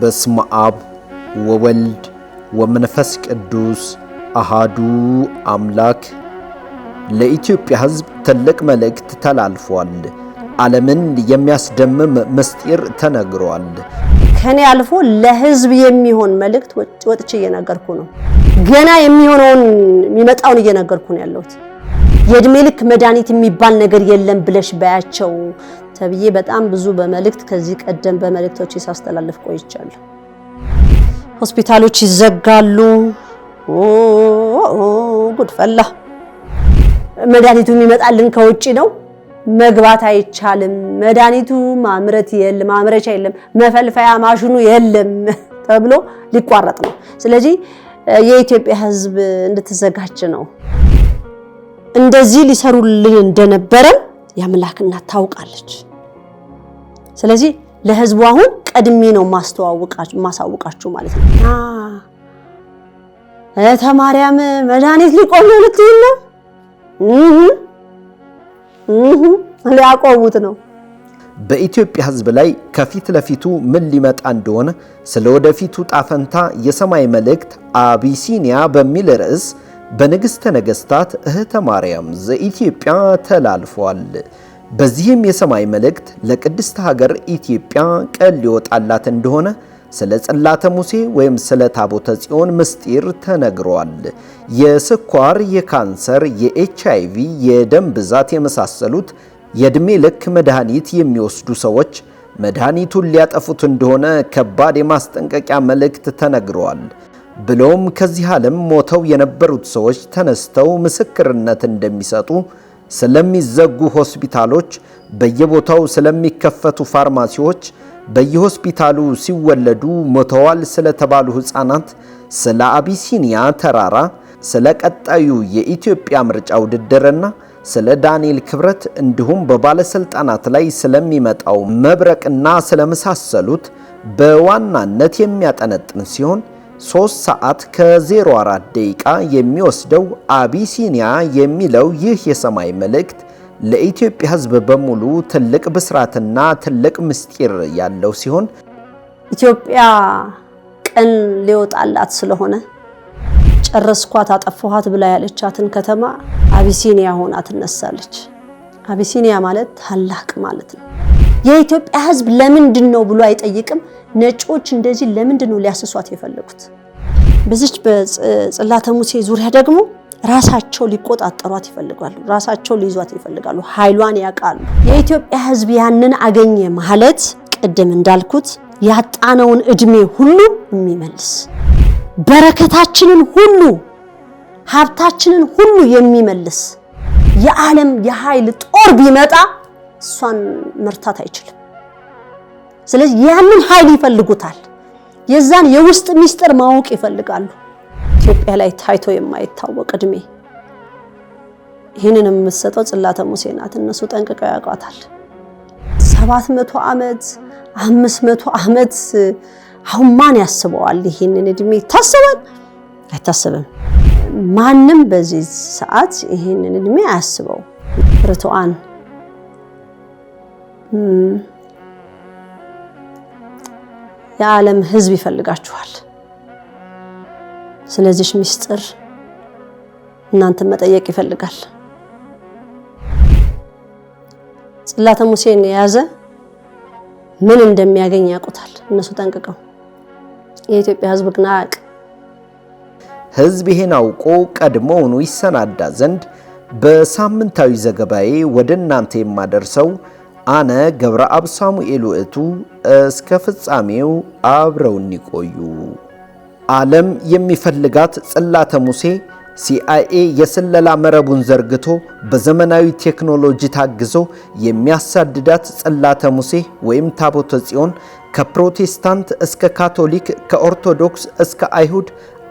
በስመ አብ ወወልድ ወመንፈስ ቅዱስ አሃዱ አምላክ። ለኢትዮጵያ ሕዝብ ትልቅ መልእክት ተላልፏል። ዓለምን የሚያስደምም ምስጢር ተነግሯል። ከኔ አልፎ ለሕዝብ የሚሆን መልእክት ወጥቼ እየነገርኩ ነው። ገና የሚሆነውን የሚመጣውን እየነገርኩ ነው ያለሁት። የእድሜ ልክ መድኃኒት የሚባል ነገር የለም ብለሽ በያቸው ተብዬ በጣም ብዙ በመልእክት ከዚህ ቀደም በመልእክቶች ሳስተላልፍ ቆይቻለሁ። ሆስፒታሎች ይዘጋሉ፣ ጉድፈላ መድኃኒቱ የሚመጣልን ከውጭ ነው፣ መግባት አይቻልም። መድኃኒቱ ማምረት የለም፣ ማምረቻ የለም፣ መፈልፈያ ማሽኑ የለም ተብሎ ሊቋረጥ ነው። ስለዚህ የኢትዮጵያ ሕዝብ እንድትዘጋጅ ነው። እንደዚህ ሊሰሩልን እንደነበረ የአምላክ እናት ታውቃለች። ስለዚህ ለህዝቡ አሁን ቀድሜ ነው ማሳውቃችሁ ማለት ነው። እህተ ማርያም መድኃኒት ሊቆም ነው ልትይል ነው ሊያቆሙት ነው። በኢትዮጵያ ህዝብ ላይ ከፊት ለፊቱ ምን ሊመጣ እንደሆነ ስለ ወደፊቱ ጣፈንታ የሰማይ መልእክት አቢሲኒያ በሚል ርዕስ በንግሥተ ነገሥታት እህተ ማርያም ዘኢትዮጵያ ተላልፏል። በዚህም የሰማይ መልእክት ለቅድስት ሀገር ኢትዮጵያ ቀን ሊወጣላት እንደሆነ ስለ ጽላተ ሙሴ ወይም ስለ ታቦተ ጽዮን ምስጢር ተነግሯል። የስኳር፣ የካንሰር፣ የኤች አይቪ፣ የደም ብዛት የመሳሰሉት የዕድሜ ልክ መድኃኒት የሚወስዱ ሰዎች መድኃኒቱን ሊያጠፉት እንደሆነ ከባድ የማስጠንቀቂያ መልእክት ተነግረዋል። ብሎም ከዚህ ዓለም ሞተው የነበሩት ሰዎች ተነስተው ምስክርነት እንደሚሰጡ ስለሚዘጉ ሆስፒታሎች፣ በየቦታው ስለሚከፈቱ ፋርማሲዎች፣ በየሆስፒታሉ ሲወለዱ ሞተዋል ስለተባሉ ሕፃናት፣ ስለ አቢሲኒያ ተራራ፣ ስለ ቀጣዩ የኢትዮጵያ ምርጫ ውድድርና ስለ ዳንኤል ክብረት እንዲሁም በባለሥልጣናት ላይ ስለሚመጣው መብረቅና ስለመሳሰሉት በዋናነት የሚያጠነጥን ሲሆን 3 ሰዓት ከ04 ደቂቃ የሚወስደው አቢሲኒያ የሚለው ይህ የሰማይ መልእክት ለኢትዮጵያ ሕዝብ በሙሉ ትልቅ ብስራትና ትልቅ ምስጢር ያለው ሲሆን ኢትዮጵያ ቀን ሊወጣላት ስለሆነ ጨረስኳት አጠፋኋት ብላ ያለቻትን ከተማ አቢሲኒያ ሆና ትነሳለች። አቢሲኒያ ማለት ታላቅ ማለት ነው። የኢትዮጵያ ሕዝብ ለምንድን ነው ብሎ አይጠይቅም። ነጮች እንደዚህ ለምንድን ነው ሊያስሷት የፈለጉት? በዚች በጽላተ ሙሴ ዙሪያ ደግሞ ራሳቸው ሊቆጣጠሯት ይፈልጋሉ። ራሳቸው ሊይዟት ይፈልጋሉ። ኃይሏን ያውቃሉ። የኢትዮጵያ ሕዝብ ያንን አገኘ ማለት ቅድም እንዳልኩት ያጣነውን እድሜ ሁሉ የሚመልስ በረከታችንን ሁሉ ሀብታችንን ሁሉ የሚመልስ የዓለም የኃይል ጦር ቢመጣ እሷን መርታት አይችልም። ስለዚህ ያንን ኃይል ይፈልጉታል። የዛን የውስጥ ሚስጥር ማወቅ ይፈልጋሉ። ኢትዮጵያ ላይ ታይቶ የማይታወቅ እድሜ። ይህንን የምትሰጠው ጽላተ ሙሴ ናት። እነሱ ጠንቅቀው ያውቋታል። ሰባት መቶ ዓመት አምስት መቶ ዓመት አሁን ማን ያስበዋል? ይህንን እድሜ ይታሰባል አይታሰብም። ማንም በዚህ ሰዓት ይህንን እድሜ አያስበው ርትዋን የዓለም ሕዝብ ይፈልጋችኋል። ስለዚህ ምስጢር እናንተን መጠየቅ ይፈልጋል። ጽላተ ሙሴን የያዘ ምን እንደሚያገኝ ያውቁታል እነሱ ጠንቅቀው። የኢትዮጵያ ሕዝብ ግን አያውቅ። ሕዝብ ይሄን አውቆ ቀድሞውኑ ይሰናዳ ዘንድ በሳምንታዊ ዘገባዬ ወደ እናንተ የማደርሰው አነ ገብረአብ ሳሙኤል ውእቱ እስከ ፍጻሜው አብረውን ይቆዩ። ዓለም የሚፈልጋት ጽላተ ሙሴ ሲአይኤ የስለላ መረቡን ዘርግቶ በዘመናዊ ቴክኖሎጂ ታግዞ የሚያሳድዳት ጽላተ ሙሴ ወይም ታቦተ ጽዮን ከፕሮቴስታንት እስከ ካቶሊክ ከኦርቶዶክስ እስከ አይሁድ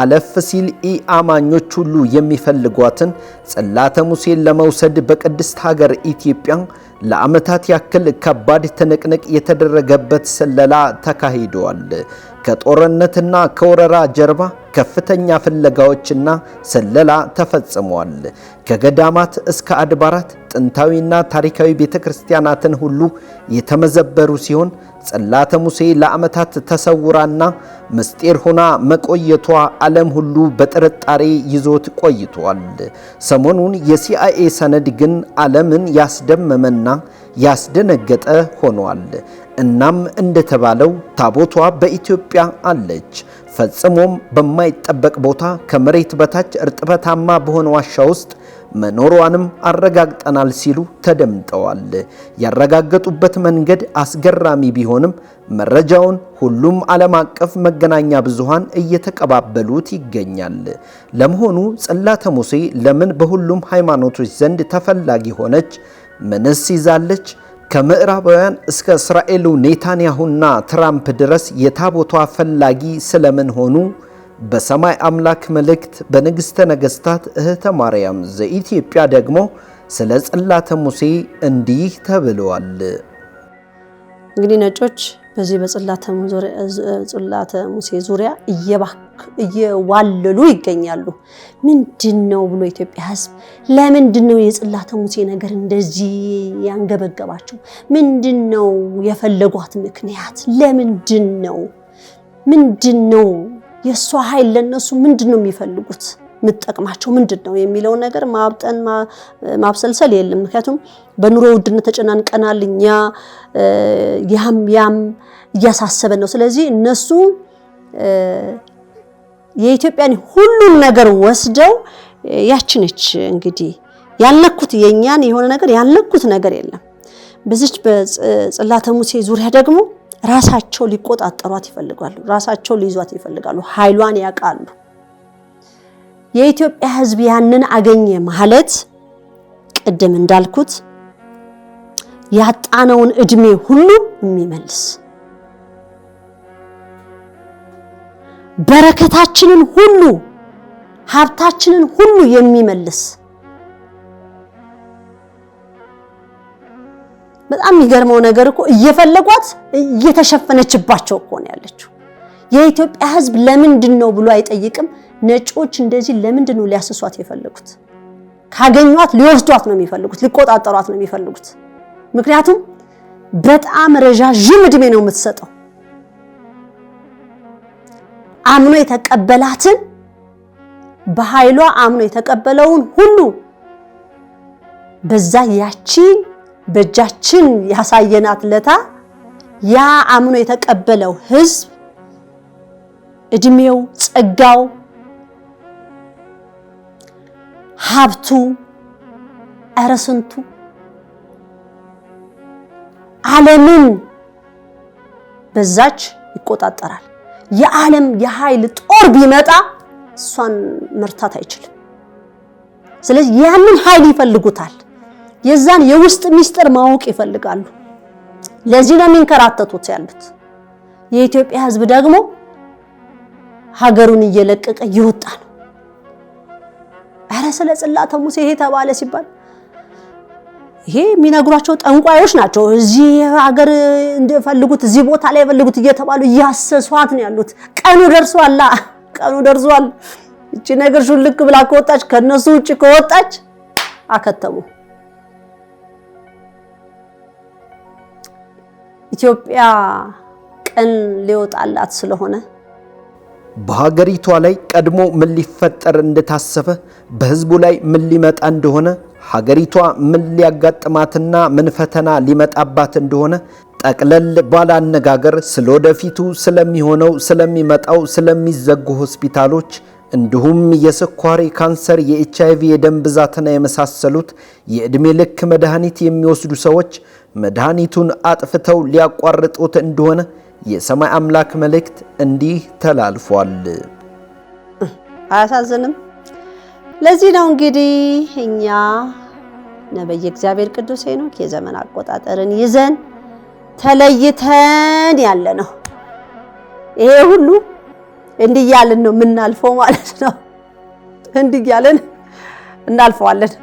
አለፍ ሲል ኢአማኞች ሁሉ የሚፈልጓትን ጽላተ ሙሴን ለመውሰድ በቅድስት ሀገር ኢትዮጵያ ለዓመታት ያክል ከባድ ትንቅንቅ የተደረገበት ስለላ ተካሂደዋል። ከጦርነትና ከወረራ ጀርባ ከፍተኛ ፍለጋዎችና ስለላ ተፈጽመዋል። ከገዳማት እስከ አድባራት ጥንታዊና ታሪካዊ ቤተ ክርስቲያናትን ሁሉ የተመዘበሩ ሲሆን ጽላተ ሙሴ ለዓመታት ተሰውራና ምስጢር ሆና መቆየቷ ዓለም ሁሉ በጥርጣሬ ይዞት ቆይቷል። ሰሞኑን የሲአይኤ ሰነድ ግን ዓለምን ያስደመመና ያስደነገጠ ሆኗል። እናም እንደተባለው ታቦቷ በኢትዮጵያ አለች። ፈጽሞም በማይጠበቅ ቦታ ከመሬት በታች እርጥበታማ በሆነ ዋሻ ውስጥ መኖሯንም አረጋግጠናል ሲሉ ተደምጠዋል። ያረጋገጡበት መንገድ አስገራሚ ቢሆንም መረጃውን ሁሉም ዓለም አቀፍ መገናኛ ብዙሃን እየተቀባበሉት ይገኛል። ለመሆኑ ጽላተ ሙሴ ለምን በሁሉም ሃይማኖቶች ዘንድ ተፈላጊ ሆነች? ምንስ ይዛለች? ከምዕራባውያን እስከ እስራኤሉ ኔታንያሁና ትራምፕ ድረስ የታቦቷ ፈላጊ ስለምን ሆኑ? በሰማይ አምላክ መልእክት በንግሥተ ነገሥታት እህተ ማርያም ዘኢትዮጵያ ደግሞ ስለ ጽላተ ሙሴ እንዲህ ተብለዋል። እንግዲህ ነጮች በዚህ በጽላተ ሙሴ ዙሪያ እየዋለሉ ይገኛሉ። ምንድን ነው ብሎ ኢትዮጵያ ሕዝብ ለምንድን ነው የጽላተ ሙሴ ነገር እንደዚህ ያንገበገባቸው? ምንድን ነው የፈለጓት ምክንያት? ለምንድን ነው ምንድን ነው የእሷ ኃይል ለእነሱ ምንድን ነው የሚፈልጉት የምትጠቅማቸው ምንድን ነው የሚለው ነገር ማብጠን ማብሰልሰል የለም። ምክንያቱም በኑሮ ውድነት ተጨናንቀናል እኛ ያም ያም እያሳሰበን ነው። ስለዚህ እነሱ የኢትዮጵያን ሁሉን ነገር ወስደው ያችነች እንግዲህ ያለኩት የእኛን የሆነ ነገር ያለኩት ነገር የለም። በዚች በጽላተ ሙሴ ዙሪያ ደግሞ ራሳቸው ሊቆጣጠሯት ይፈልጋሉ። ራሳቸው ሊይዟት ይፈልጋሉ። ኃይሏን ያውቃሉ። የኢትዮጵያ ሕዝብ ያንን አገኘ ማለት ቅድም እንዳልኩት ያጣነውን እድሜ ሁሉ የሚመልስ በረከታችንን ሁሉ ሀብታችንን ሁሉ የሚመልስ በጣም የሚገርመው ነገር እኮ እየፈለጓት እየተሸፈነችባቸው እኮ ነው ያለችው። የኢትዮጵያ ሕዝብ ለምንድን ነው ብሎ አይጠይቅም። ነጮች እንደዚህ ለምንድን ነው ሊያስሷት የፈለጉት? ካገኟት ሊወስዷት ነው የሚፈልጉት፣ ሊቆጣጠሯት ነው የሚፈልጉት። ምክንያቱም በጣም ረዣዥም እድሜ ነው የምትሰጠው። አምኖ የተቀበላትን በኃይሏ አምኖ የተቀበለውን ሁሉ በዛ ያቺ በእጃችን ያሳየን አትለታ ያ አምኖ የተቀበለው ህዝብ እድሜው፣ ጸጋው፣ ሀብቱ እረ ስንቱ ዓለምን በዛች ይቆጣጠራል። የዓለም የኃይል ጦር ቢመጣ እሷን መርታት አይችልም። ስለዚህ ያንን ኃይል ይፈልጉታል። የዛን የውስጥ ሚስጥር ማወቅ ይፈልጋሉ። ለዚህ ነው የሚንከራተቱት ያሉት። የኢትዮጵያ ሕዝብ ደግሞ ሀገሩን እየለቀቀ እየወጣ ነው። ኧረ ስለ ጽላተ ሙሴ ይሄ ተባለ ሲባል ይሄ የሚነግሯቸው ጠንቋዮች ናቸው። እዚህ ሀገር እንደፈልጉት እዚህ ቦታ ላይ የፈልጉት እየተባሉ እያሰሷት ነው ያሉት። ቀኑ ደርሷል፣ ቀኑ ደርሷል። እቺ ነገር ሹልክ ብላ ከወጣች ከነሱ ውጭ ከወጣች አከተሙ። ኢትዮጵያ ቀን ሊወጣላት ስለሆነ በሀገሪቷ ላይ ቀድሞ ምን ሊፈጠር እንደታሰበ በህዝቡ ላይ ምን ሊመጣ እንደሆነ ሀገሪቷ ምን ሊያጋጥማትና ምን ፈተና ሊመጣባት እንደሆነ ጠቅለል ባለ አነጋገር ስለ ወደፊቱ ስለሚሆነው፣ ስለሚመጣው፣ ስለሚዘጉ ሆስፒታሎች እንዲሁም የስኳር፣ የካንሰር፣ የኤች አይቪ፣ የደም ብዛትና የመሳሰሉት የዕድሜ ልክ መድኃኒት የሚወስዱ ሰዎች መድኃኒቱን አጥፍተው ሊያቋርጡት እንደሆነ የሰማይ አምላክ መልእክት እንዲህ ተላልፏል። አያሳዝንም? ለዚህ ነው እንግዲህ እኛ ነቢየ እግዚአብሔር ቅዱስ ሄኖክ የዘመን አቆጣጠርን ይዘን ተለይተን ያለ ነው። ይሄ ሁሉ እንዲህ እያልን ነው የምናልፈው ማለት ነው። እንዲህ እያልን እናልፈዋለን።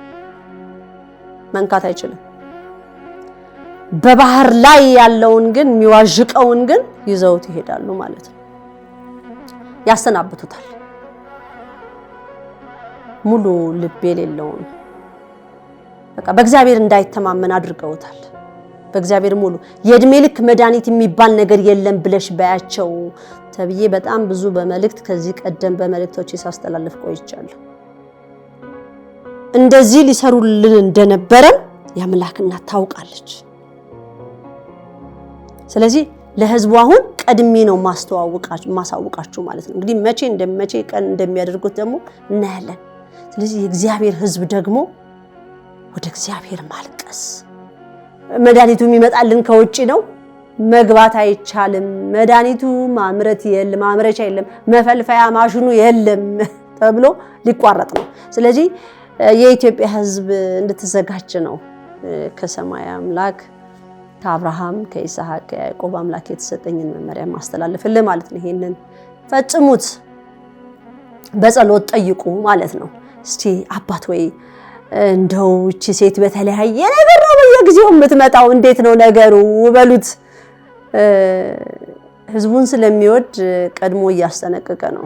መንካት አይችልም። በባህር ላይ ያለውን ግን የሚዋዥቀውን ግን ይዘውት ይሄዳሉ ማለት ነው። ያሰናብቱታል። ሙሉ ልብ የሌለውን በቃ በእግዚአብሔር እንዳይተማመን አድርገውታል። በእግዚአብሔር ሙሉ የእድሜ ልክ መድኃኒት የሚባል ነገር የለም ብለሽ በያቸው ተብዬ በጣም ብዙ በመልእክት ከዚህ ቀደም በመልእክቶች ሳስተላልፍ ቆይቻለሁ። እንደዚህ ሊሰሩልን እንደነበረ የአምላክ እናት ታውቃለች። ስለዚህ ለህዝቡ አሁን ቀድሜ ነው ማሳውቃችሁ ማለት ነው። እንግዲህ መቼ እንደመቼ ቀን እንደሚያደርጉት ደግሞ እናያለን። ስለዚህ የእግዚአብሔር ህዝብ ደግሞ ወደ እግዚአብሔር ማልቀስ መድኃኒቱ የሚመጣልን ከውጭ ነው። መግባት አይቻልም። መድኃኒቱ ማምረት የለም፣ ማምረቻ የለም፣ መፈልፈያ ማሽኑ የለም ተብሎ ሊቋረጥ ነው። ስለዚህ የኢትዮጵያ ህዝብ እንድትዘጋጅ ነው ከሰማይ አምላክ ከአብርሃም ከይስሐቅ ከያዕቆብ አምላክ የተሰጠኝን መመሪያ ማስተላለፍልህ ማለት ነው። ይሄንን ፈጽሙት፣ በጸሎት ጠይቁ ማለት ነው። እስቲ አባት ወይ እንደው እቺ ሴት በተለያየ ነገር ነው በየጊዜው የምትመጣው፣ እንዴት ነው ነገሩ በሉት። ህዝቡን ስለሚወድ ቀድሞ እያስጠነቀቀ ነው።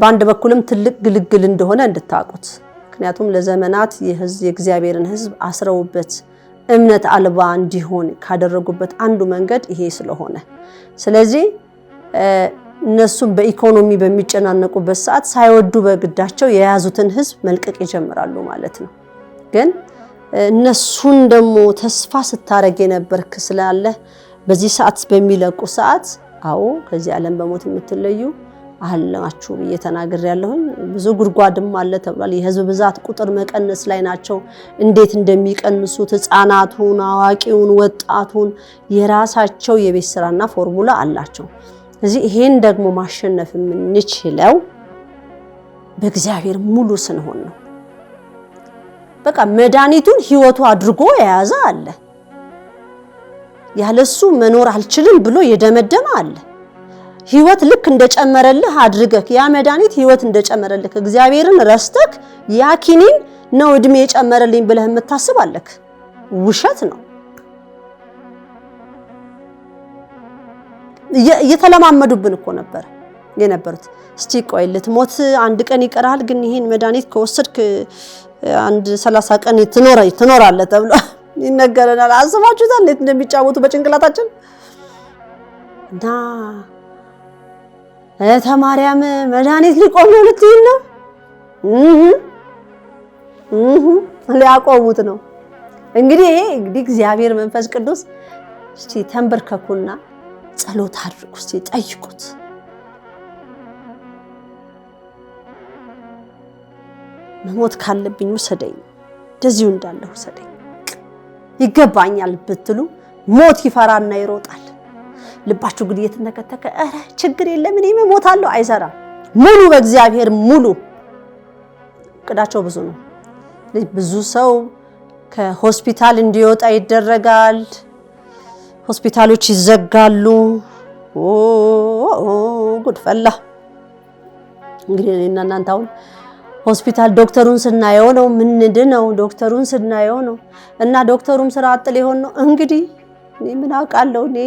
በአንድ በኩልም ትልቅ ግልግል እንደሆነ እንድታውቁት፣ ምክንያቱም ለዘመናት የእግዚአብሔርን ህዝብ አስረውበት እምነት አልባ እንዲሆን ካደረጉበት አንዱ መንገድ ይሄ ስለሆነ ስለዚህ እነሱም በኢኮኖሚ በሚጨናነቁበት ሰዓት ሳይወዱ በግዳቸው የያዙትን ህዝብ መልቀቅ ይጀምራሉ ማለት ነው። ግን እነሱን ደግሞ ተስፋ ስታደረግ የነበርክ ስላለህ በዚህ ሰዓት በሚለቁ ሰዓት አዎ ከዚህ ዓለም በሞት የምትለዩ አለማችሁ ብዬ ተናግሬ ያለሁኝ። ብዙ ጉድጓድም አለ ተብሏል። የህዝብ ብዛት ቁጥር መቀነስ ላይ ናቸው። እንዴት እንደሚቀንሱት ህፃናቱን፣ አዋቂውን፣ ወጣቱን የራሳቸው የቤት ስራና ፎርሙላ አላቸው። እዚህ ይሄን ደግሞ ማሸነፍ የምንችለው በእግዚአብሔር ሙሉ ስንሆን ነው። በቃ መድኃኒቱን ህይወቱ አድርጎ የያዘ አለ። ያለሱ መኖር አልችልም ብሎ የደመደመ አለ። ህይወት ልክ እንደጨመረልህ አድርገህ ያ መድኃኒት ህይወት እንደጨመረልህ እግዚአብሔርን ረስተክ ያ ኪኒን ነው እድሜ የጨመረልኝ ብለህ የምታስብ አለክ። ውሸት ነው። እየተለማመዱብን እኮ ነበር የነበሩት። እስቲ ቆይ ልትሞት አንድ ቀን ይቀራል ግን ይህን መድኃኒት ከወሰድክ አንድ ሰላሳ ቀን ትኖራለህ ተብሎ ይነገረናል። አስባችሁታል? እንዴት እንደሚጫወቱ በጭንቅላታችን እና ተማርያም መድኃኒት ሊቆም ነው ልትይን ነው? ሊያቆሙት ነው እንግዲህ እንግዲህ እግዚአብሔር መንፈስ ቅዱስ እስቲ ተንበርከኩና ጸሎት አድርጉ። እስቲ ጠይቁት። መሞት ካለብኝ ውሰደኝ፣ እንደዚሁ እንዳለ ውሰደኝ፣ ይገባኛል ብትሉ ሞት ይፈራና ይሮጣል። ልባችሁ ግን እየተነከተከ ኧረ ችግር የለም እኔም እሞታለሁ አይሰራም። ሙሉ በእግዚአብሔር ሙሉ እቅዳቸው ብዙ ነው። ብዙ ሰው ከሆስፒታል እንዲወጣ ይደረጋል። ሆስፒታሎች ይዘጋሉ። ጉድ ፈላ። እንግዲህ እኔና እናንተ አሁን ሆስፒታል ዶክተሩን ስናየው ነው ምንድ ዶክተሩን ስናየው ነው እና ዶክተሩም ስራ አጥ ሊሆን ነው እንግዲህ እኔ ምን አውቃለሁ እኔ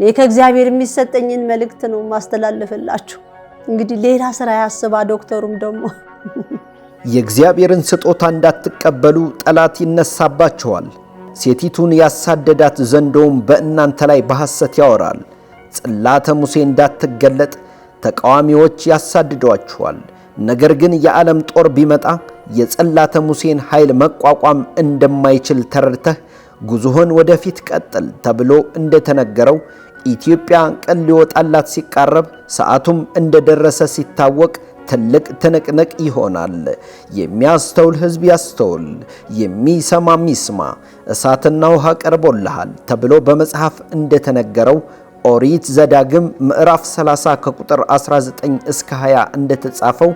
እኔ ከእግዚአብሔር የሚሰጠኝን መልእክት ነው ማስተላለፍላችሁ። እንግዲህ ሌላ ስራ ያስባ። ዶክተሩም ደግሞ የእግዚአብሔርን ስጦታ እንዳትቀበሉ ጠላት ይነሳባችኋል። ሴቲቱን ያሳደዳት ዘንዶውም በእናንተ ላይ በሐሰት ያወራል። ጽላተ ሙሴ እንዳትገለጥ ተቃዋሚዎች ያሳድዷችኋል። ነገር ግን የዓለም ጦር ቢመጣ የጽላተ ሙሴን ኃይል መቋቋም እንደማይችል ተረድተህ ጉዞህን ወደፊት ቀጥል ተብሎ እንደተነገረው ኢትዮጵያ ቀን ሊወጣላት ሲቃረብ ሰዓቱም እንደደረሰ ሲታወቅ ትልቅ ትንቅንቅ ይሆናል። የሚያስተውል ሕዝብ ያስተውል፣ የሚሰማም ይስማ። እሳትና ውሃ ቀርቦልሃል ተብሎ በመጽሐፍ እንደተነገረው ኦሪት ዘዳግም ምዕራፍ 30 ከቁጥር 19 እስከ 20 እንደተጻፈው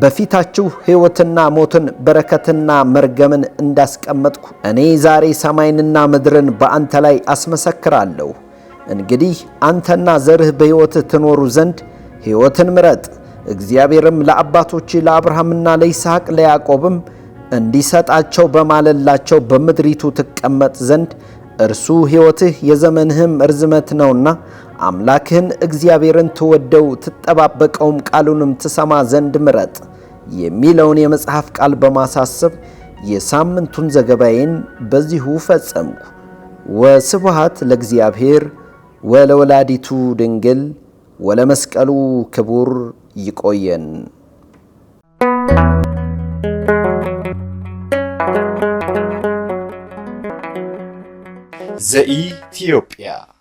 በፊታችሁ ሕይወትና ሞትን በረከትና መርገምን እንዳስቀመጥኩ እኔ ዛሬ ሰማይንና ምድርን በአንተ ላይ አስመሰክራለሁ እንግዲህ አንተና ዘርህ በሕይወት ትኖሩ ዘንድ ሕይወትን ምረጥ፣ እግዚአብሔርም ለአባቶች ለአብርሃምና ለይስሐቅ ለያዕቆብም እንዲሰጣቸው በማለላቸው በምድሪቱ ትቀመጥ ዘንድ እርሱ ሕይወትህ የዘመንህም እርዝመት ነውና አምላክህን እግዚአብሔርን ትወደው ትጠባበቀውም ቃሉንም ትሰማ ዘንድ ምረጥ የሚለውን የመጽሐፍ ቃል በማሳሰብ የሳምንቱን ዘገባዬን በዚሁ ፈጸምኩ። ወስብሃት ለእግዚአብሔር ወለወላዲቱ ድንግል ወለመስቀሉ ክቡር ይቆየን። ዘኢትዮጵያ